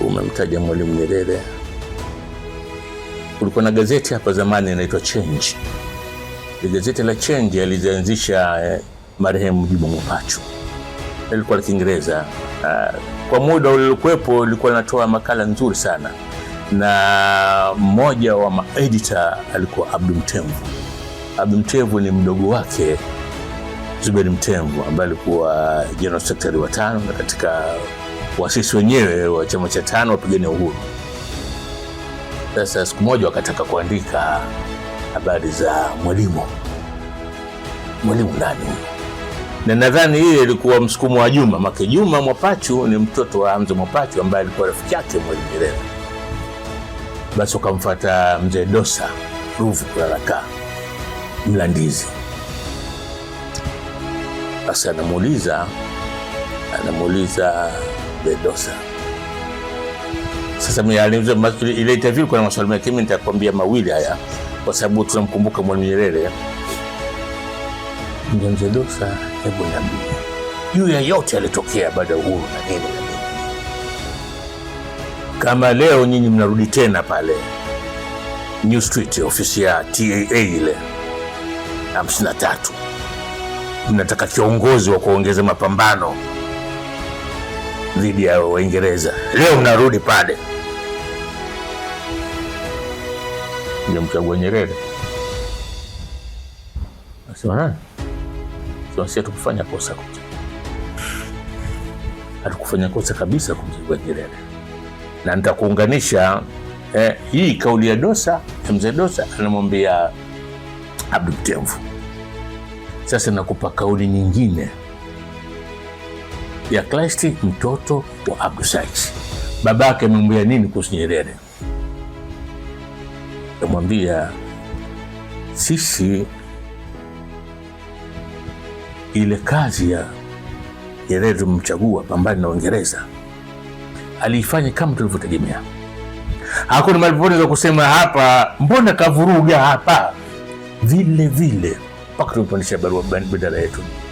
Umemtaja Mwalimu Nyerere. Kulikuwa na gazeti hapa zamani inaitwa Change. Ile gazeti la Change alizianzisha eh, marehemu Juma mwapachu ilikuwa la Kiingereza. Uh, kwa muda ulilokuwepo ilikuwa linatoa makala nzuri sana, na mmoja wa maedita alikuwa Abdu Mtemvu. Abdu Mtemvu ni mdogo wake Zuberi Mtemvu ambaye alikuwa general secretary wa tano na katika waasisi wenyewe wa chama cha tano wapigania uhuru. Sasa siku moja wakataka kuandika habari za Mwalimu. Mwalimu nani Na nadhani ile ilikuwa msukumo wa Juma make. Juma Mwapachu ni mtoto wa Hamza Mwapachu ambaye alikuwa rafiki yake Mwalimu Nyerere. Basi wakamfata mzee Dosa Ruvu Kulalaka Mlandizi. Basi anamuuliza anamuuliza Mendoza. Sasa ile interview kuna maswali mengi, mimi nitakwambia mawili haya, kwa sababu tunamkumbuka Mwalimu Nyerere. Mzee Mendoza, hebu niambie juu ya yote yalitokea baada ya uhuru na nini na nini, kama leo nyinyi mnarudi tena pale New Street, ofisi ya TAA ile 53 mnataka kiongozi wa kuongeza mapambano dhidi ya Waingereza. Leo mnarudi pale, mchagua Nyerere nani? Sasa tukufanya kosa kuja, hatukufanya kosa kabisa kumchagua Nyerere, na nitakuunganisha eh, hii kauli ya Dosa, mzee Dosa anamwambia Abdul Temfu. Sasa nakupa kauli nyingine ya Christ mtoto wa Abdusais. Babake amemwambia nini kuhusu Nyerere? Amwambia sisi, ile kazi ya Nyerere tumemchagua pambani na Uingereza, aliifanya kama tulivyotegemea. Hakuna za kusema hapa, mbona kavuruga hapa? Vile vile mpaka tumepandisha barua bandara yetu.